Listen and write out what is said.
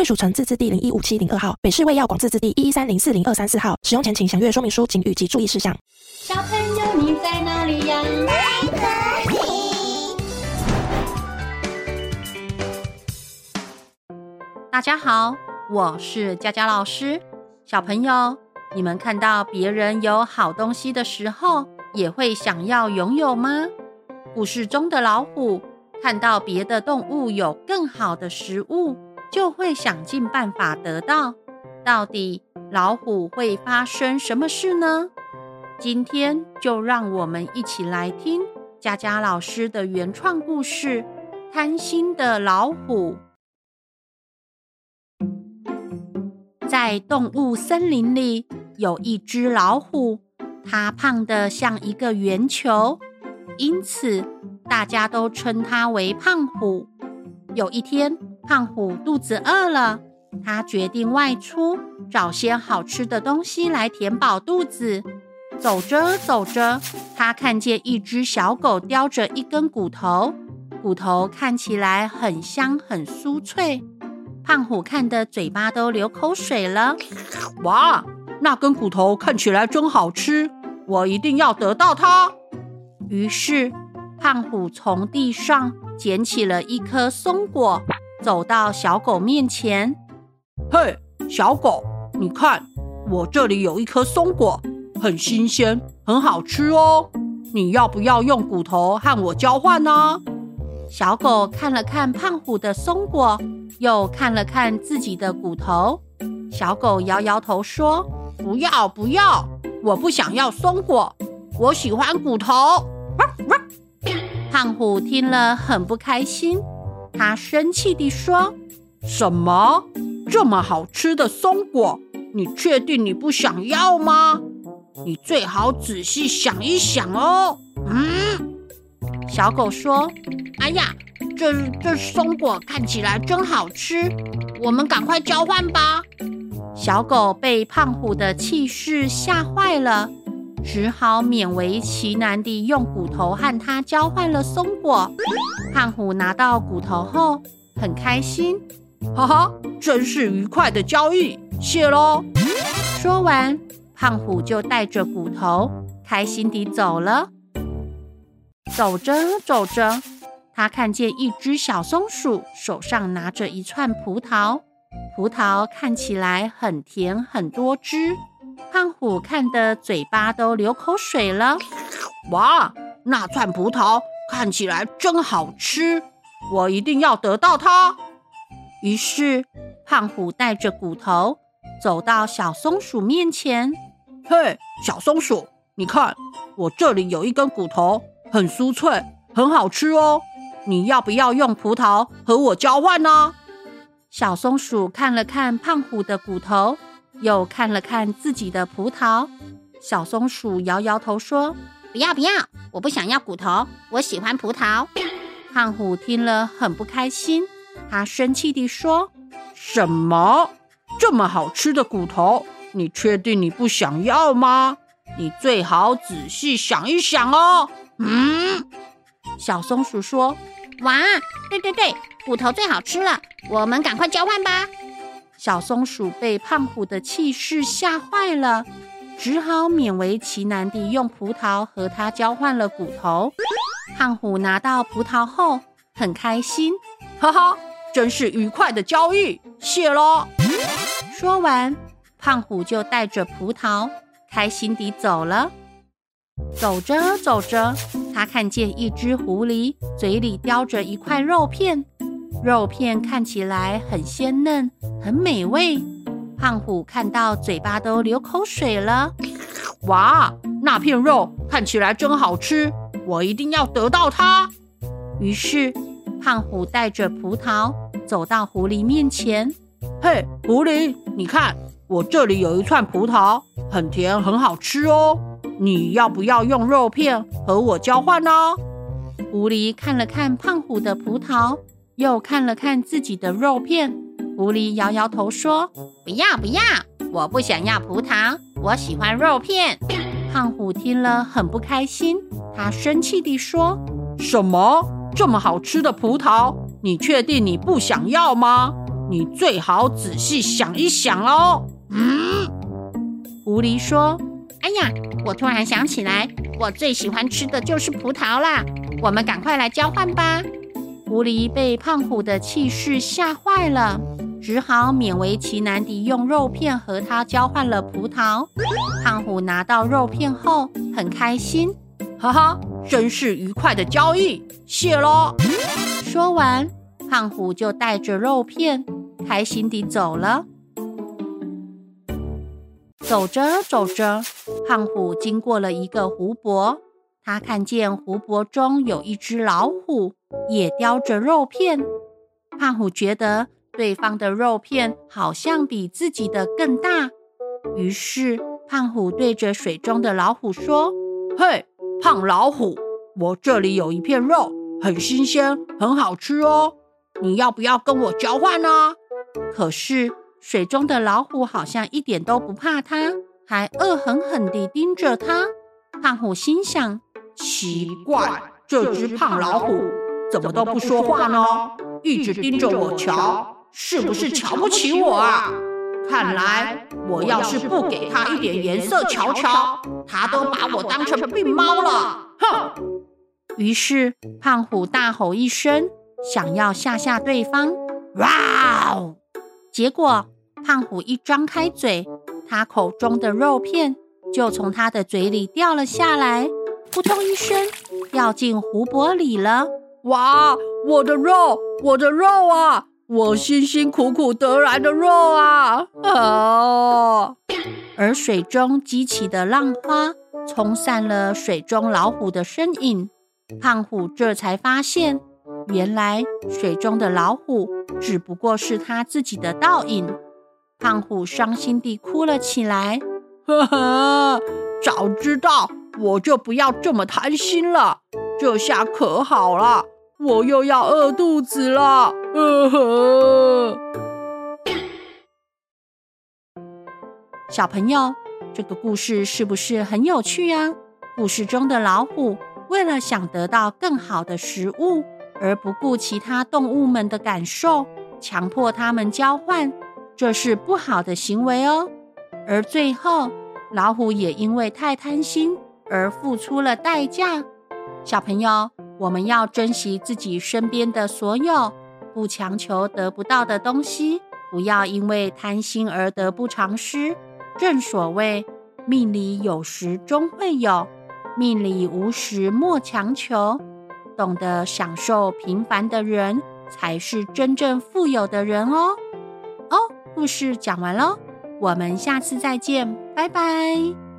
貴屬城字字第零一五七零二號，北市衛藥廣字字第一一三零四零二三四號。使用前請詳閱說明書警語及注意事項。小朋友，你在哪裡呀？在哪裡？大家好，我是佳佳老師。小朋友，你們看到別人有好東西的時候，也會想要擁有嗎？故事中的老虎看到別的動物有更好的食物。就會想盡辦法得到。到底，老虎會發生什麼事呢？今天就讓我們一起來聽佳佳老師的原創故事《貪心的老虎》。在動物森林裡，有一隻老虎，它胖得像一個圓球，因此大家都稱它為胖虎。有一天。胖虎肚子餓了，他決定外出找些好吃的東西來填飽肚子。走着走着，他看見一隻小狗叼着一根骨頭，骨頭看起來很香很酥脆。胖虎看得嘴巴都流口水了。哇，那根骨頭看起來真好吃，我一定要得到它。於是，胖虎從地上撿起了一顆松果。走到小狗面前，嘿，小狗，你看，我這裡有一顆松果，很新鮮，很好吃哦。你要不要用骨頭和我交換呢？小狗看了看胖虎的松果，又看了看自己的骨頭。小狗搖搖頭說：“不要，不要，我不想要松果，我喜歡骨頭。”汪汪。胖虎聽了很不開心。他生氣地說：“什麼？這麼好吃的松果，你確定你不想要嗎？你最好仔細想一想哦。”嗯，小狗說：“哎呀，這這松果看起來真好吃，我們趕快交換吧。”小狗被胖虎的氣勢嚇壞了。只好勉為其難地用骨頭和他交換了松果。胖虎拿到骨頭後很開心，哈哈，真是愉快的交易，謝嘍！說完，胖虎就帶着骨頭開心地走了。走着走着，他看見一隻小松鼠手上拿着一串葡萄，葡萄看起來很甜很多汁。胖虎看得嘴巴都流口水了，哇，那串葡萄看起來真好吃，我一定要得到它。於是，胖虎帶着骨頭走到小松鼠面前，嘿，小松鼠，你看，我這裡有一根骨頭，很酥脆，很好吃哦，你要不要用葡萄和我交換呢？小松鼠看了看胖虎的骨頭。又看了看自己的葡萄，小松鼠搖搖頭說：“不要不要，我不想要骨頭，我喜歡葡萄。”胖虎聽了很不開心，他生氣地說：“什麼？這麼好吃的骨頭，你確定你不想要嗎？你最好仔細想一想哦。”嗯，小松鼠說：“哇，對對對，骨頭最好吃了，我們趕快交換吧。”小松鼠被胖虎的氣勢嚇壞了，只好勉為其難地用葡萄和他交換了骨頭。胖虎拿到葡萄後很開心，哈哈，真是愉快的交易，謝咯。說完，胖虎就帶着葡萄開心地走了。走着走着，他看見一隻狐狸，嘴裡叼着一塊肉片。肉片看起來很鮮嫩，很美味。胖虎看到嘴巴都流口水了。哇，那片肉看起來真好吃，我一定要得到它。於是，胖虎帶着葡萄走到狐狸面前。嘿，狐狸，你看，我這裡有一串葡萄，很甜，很好吃哦。你要不要用肉片和我交換呢？狐狸看了看胖虎的葡萄。又看了看自己的肉片，狐狸搖搖頭說：“不要不要，我不想要葡萄，我喜歡肉片。”胖虎聽了很不開心，他生氣地說：“什麼？這麼好吃的葡萄，你確定你不想要嗎？你最好仔細想一想哦。”嗯，狐狸說：“哎呀，我突然想起來，我最喜歡吃的就是葡萄啦！我們趕快來交換吧。”狐狸被胖虎的氣勢嚇壞了，只好勉為其難地用肉片和他交換了葡萄。胖虎拿到肉片後很開心，哈哈，真是愉快的交易，謝了。說完，胖虎就帶着肉片開心地走了。走着走着，胖虎經過了一個湖泊。他看見湖泊中有一隻老虎，也叼着肉片。胖虎覺得對方的肉片好像比自己的更大，於是胖虎對着水中的老虎說：“嘿，胖老虎，我這裡有一片肉，很新鮮，很好吃哦，你要不要跟我交換啊？”可是水中的老虎好像一點都不怕他，還惡狠狠地盯着他。胖虎心想。奇怪，這隻胖老虎怎麼都不說話呢？一直盯着我瞧，是不是瞧不起我啊？看來我要是不給他一點顏色瞧瞧，他都把我當成病貓了！哼！於是胖虎大吼一聲，想要嚇嚇對方。哇！結果胖虎一張開嘴，他口中的肉片就從他的嘴裡掉了下來。撲通一聲，掉進湖泊裡了！哇，我的肉，我的肉啊！我辛辛苦苦得來的肉啊！啊！而水中激起的浪花，沖散了水中老虎的身影。胖虎這才發現，原來水中的老虎只不過是他自己的倒影。胖虎傷心地哭了起來。呵呵，早知道！我就不要這麼貪心了，這下可好了，我又要餓肚子了。呃哼，小朋友，這個故事是不是很有趣啊？故事中的老虎為了想得到更好的食物，而不顧其他動物們的感受，強迫他們交換，這是不好的行為哦。而最後，老虎也因為太貪心，而付出了代價，小朋友，我們要珍惜自己身邊的所有，不強求得不到的東西，不要因為貪心而得不償失。正所謂“命裡有時終會有，命裡無時莫強求”。懂得享受平凡的人，才是真正富有的人哦。哦，故事講完嘍，我們下次再見，拜拜。